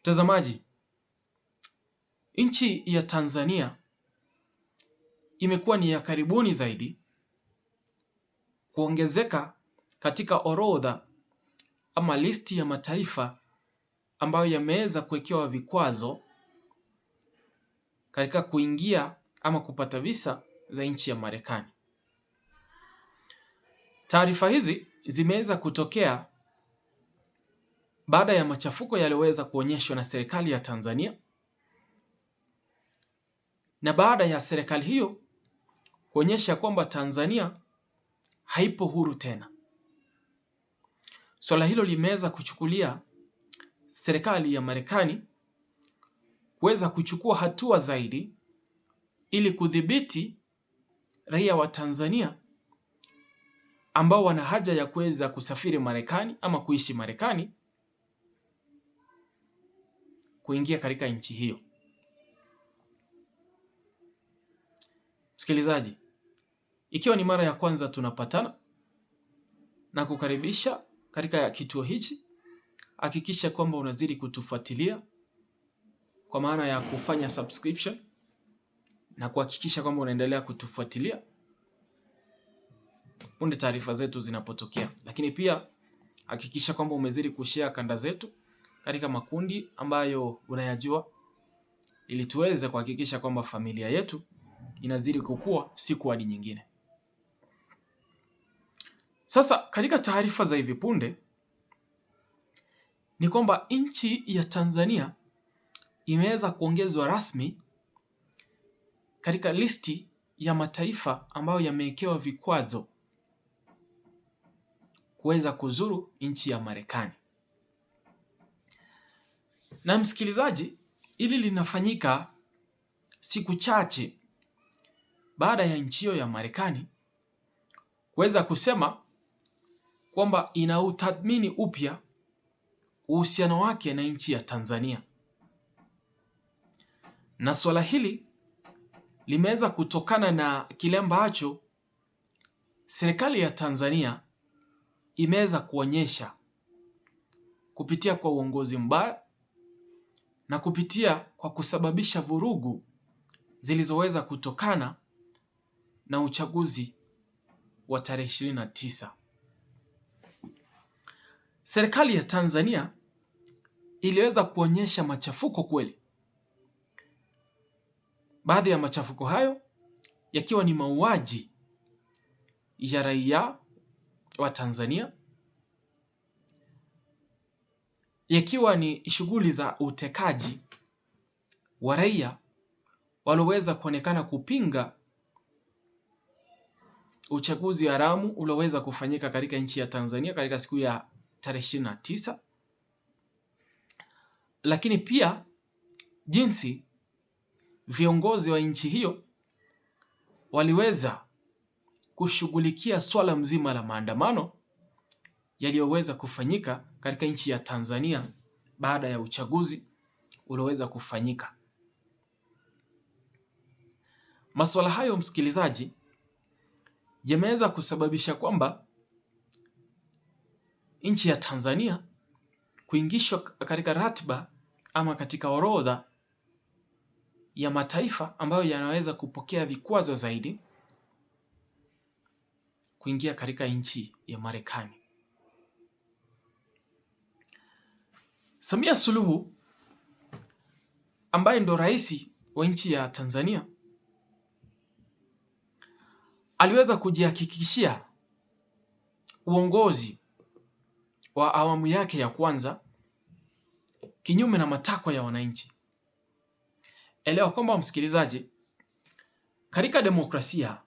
Mtazamaji, nchi ya Tanzania imekuwa ni ya karibuni zaidi kuongezeka katika orodha ama listi ya mataifa ambayo yameweza kuwekewa vikwazo katika kuingia ama kupata visa za nchi ya Marekani. Taarifa hizi zimeweza kutokea baada ya machafuko yaliyoweza kuonyeshwa na serikali ya Tanzania na baada ya serikali hiyo kuonyesha kwamba Tanzania haipo huru tena. Swala hilo limeweza kuchukulia serikali ya Marekani kuweza kuchukua hatua zaidi ili kudhibiti raia wa Tanzania ambao wana haja ya kuweza kusafiri Marekani ama kuishi Marekani kuingia katika nchi hiyo. Msikilizaji, ikiwa ni mara ya kwanza tunapatana na kukaribisha katika kituo hichi, hakikisha kwamba unazidi kutufuatilia kwa maana ya kufanya subscription na kuhakikisha kwamba unaendelea kutufuatilia punde taarifa zetu zinapotokea, lakini pia hakikisha kwamba umezidi kushare kanda zetu katika makundi ambayo unayajua ili tuweze kuhakikisha kwamba familia yetu inazidi kukua siku hadi nyingine. Sasa katika taarifa za hivi punde ni kwamba nchi ya Tanzania imeweza kuongezwa rasmi katika listi ya mataifa ambayo yamewekewa vikwazo kuweza kuzuru nchi ya Marekani. Na msikilizaji, hili linafanyika siku chache baada ya nchi hiyo ya Marekani kuweza kusema kwamba ina utathmini upya uhusiano wake na nchi ya Tanzania, na swala hili limeweza kutokana na kile ambacho serikali ya Tanzania imeweza kuonyesha kupitia kwa uongozi mbaya na kupitia kwa kusababisha vurugu zilizoweza kutokana na uchaguzi wa tarehe 29. Serikali ya Tanzania iliweza kuonyesha machafuko kweli, baadhi ya machafuko hayo yakiwa ni mauaji ya raia wa Tanzania yakiwa ni shughuli za utekaji wa raia walioweza kuonekana kupinga uchaguzi haramu ulioweza kufanyika katika nchi ya Tanzania katika siku ya tarehe ishirini na tisa, lakini pia jinsi viongozi wa nchi hiyo waliweza kushughulikia swala mzima la maandamano yaliyoweza kufanyika katika nchi ya Tanzania baada ya uchaguzi ulioweza kufanyika. Masuala hayo msikilizaji, yameweza kusababisha kwamba nchi ya Tanzania kuingishwa katika ratiba ama katika orodha ya mataifa ambayo yanaweza kupokea vikwazo zaidi kuingia katika nchi ya Marekani. Samia Suluhu ambaye ndo rais wa nchi ya Tanzania aliweza kujihakikishia uongozi wa awamu yake ya kwanza kinyume na matakwa ya wananchi. Elewa kwamba msikilizaji, katika demokrasia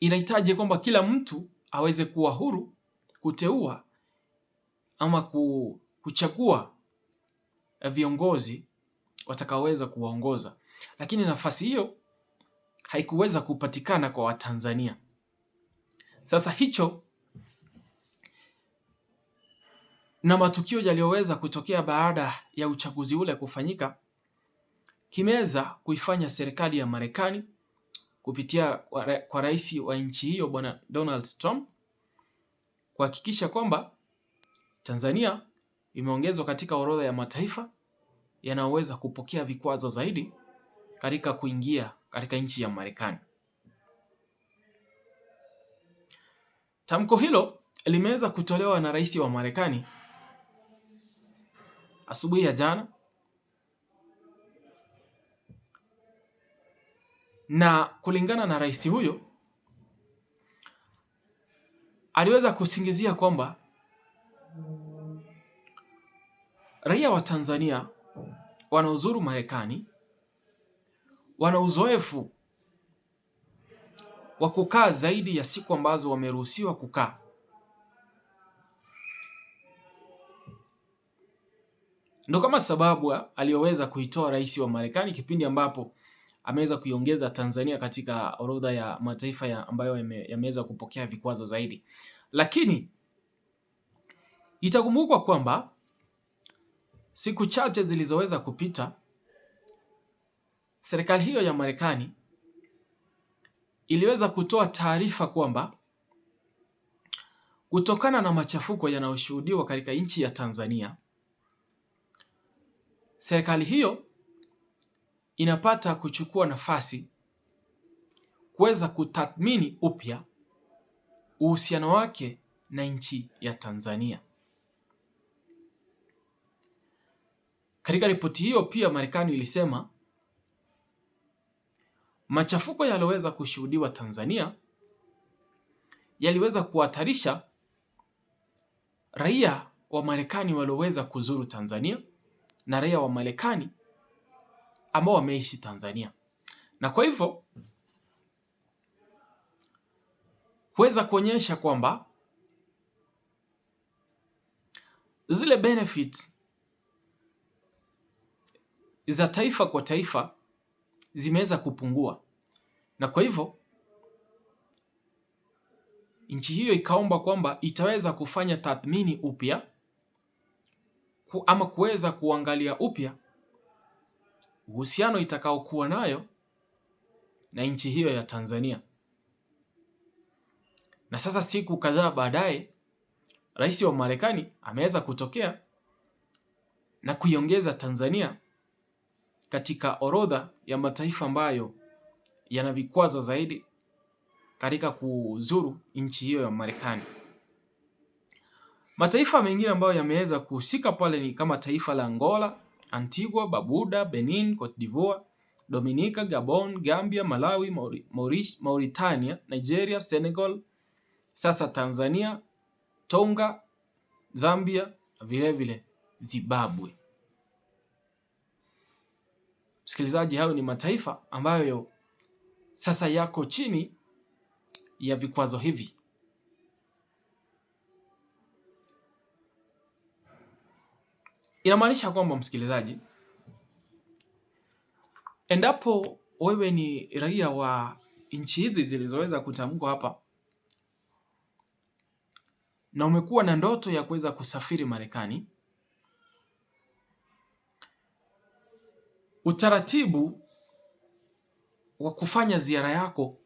inahitaji kwamba kila mtu aweze kuwa huru kuteua ama ku huchagua eh, viongozi watakaoweza kuwaongoza, lakini nafasi hiyo haikuweza kupatikana kwa Watanzania. Sasa hicho na matukio yaliyoweza kutokea baada ya uchaguzi ule kufanyika kimeweza kuifanya serikali ya Marekani kupitia kwa rais wa nchi hiyo Bwana Donald Trump kuhakikisha kwamba Tanzania imeongezwa katika orodha ya mataifa yanayoweza kupokea vikwazo zaidi katika kuingia katika nchi ya Marekani. Tamko hilo limeweza kutolewa na rais wa Marekani asubuhi ya jana na kulingana na rais huyo aliweza kusingizia kwamba raia wa Tanzania wanaozuru Marekani wana uzoefu wa kukaa zaidi ya siku ambazo wameruhusiwa kukaa. Ndo kama sababu aliyoweza kuitoa rais wa Marekani kipindi ambapo ameweza kuiongeza Tanzania katika orodha ya mataifa ya ambayo yameweza kupokea vikwazo zaidi, lakini itakumbukwa kwamba Siku chache zilizoweza kupita, serikali hiyo ya Marekani iliweza kutoa taarifa kwamba kutokana na machafuko yanayoshuhudiwa katika nchi ya Tanzania, serikali hiyo inapata kuchukua nafasi kuweza kutathmini upya uhusiano wake na nchi ya Tanzania. Katika ripoti hiyo pia Marekani ilisema machafuko yaliyoweza kushuhudiwa Tanzania yaliweza kuhatarisha raia wa Marekani walioweza kuzuru Tanzania na raia wa Marekani ambao wameishi Tanzania, na kwa hivyo kuweza kuonyesha kwamba zile benefits za taifa kwa taifa zimeweza kupungua, na kwa hivyo nchi hiyo ikaomba kwamba itaweza kufanya tathmini upya ku, ama kuweza kuangalia upya uhusiano itakaokuwa nayo na nchi hiyo ya Tanzania. Na sasa siku kadhaa baadaye, rais wa Marekani ameweza kutokea na kuiongeza Tanzania katika orodha ya mataifa ambayo yana vikwazo zaidi katika kuzuru nchi hiyo ya Marekani. Mataifa mengine ambayo yameweza kuhusika pale ni kama taifa la Angola, Antigua, Barbuda, Benin, Cote d'Ivoire, Dominica, Gabon, Gambia, Malawi, Mauritania, Nigeria, Senegal, sasa Tanzania, Tonga, Zambia na vilevile Zimbabwe msikilizaji, hayo ni mataifa ambayo sasa yako chini ya vikwazo hivi. Inamaanisha kwamba msikilizaji, endapo wewe ni raia wa nchi hizi zilizoweza kutamkwa hapa na umekuwa na ndoto ya kuweza kusafiri Marekani utaratibu wa kufanya ziara yako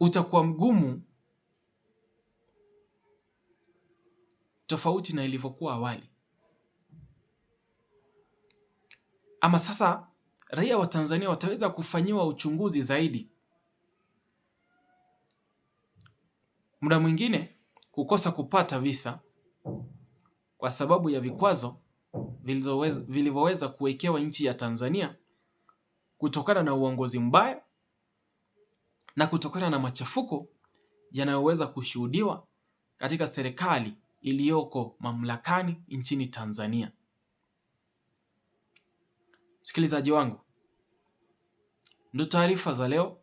utakuwa mgumu tofauti na ilivyokuwa awali. Ama sasa raia wa Tanzania wataweza kufanyiwa uchunguzi zaidi. Muda mwingine kukosa kupata visa kwa sababu ya vikwazo Mm. vilivyoweza kuwekewa nchi ya Tanzania kutokana na uongozi mbaya na kutokana na machafuko yanayoweza kushuhudiwa katika serikali iliyoko mamlakani nchini Tanzania. Msikilizaji wangu, ndo taarifa za leo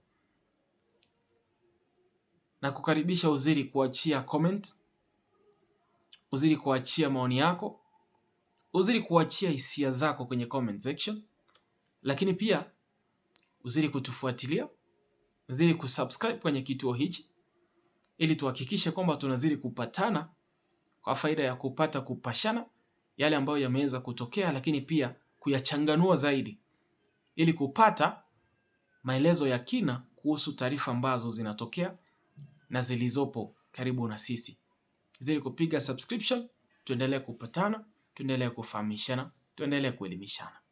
na kukaribisha uziri kuachia comment, uziri kuachia maoni yako uzidi kuachia hisia zako kwenye comment section, lakini pia uzidi kutufuatilia, uzidi kusubscribe kwenye kituo hichi, ili tuhakikishe kwamba tunazidi kupatana kwa faida ya kupata kupashana yale ambayo yameweza kutokea, lakini pia kuyachanganua zaidi ili kupata maelezo ya kina kuhusu taarifa ambazo zinatokea na zilizopo karibu na sisi. Zili kupiga subscription, tuendelee kupatana tuendelee kufahamishana, tuendelee kuelimishana.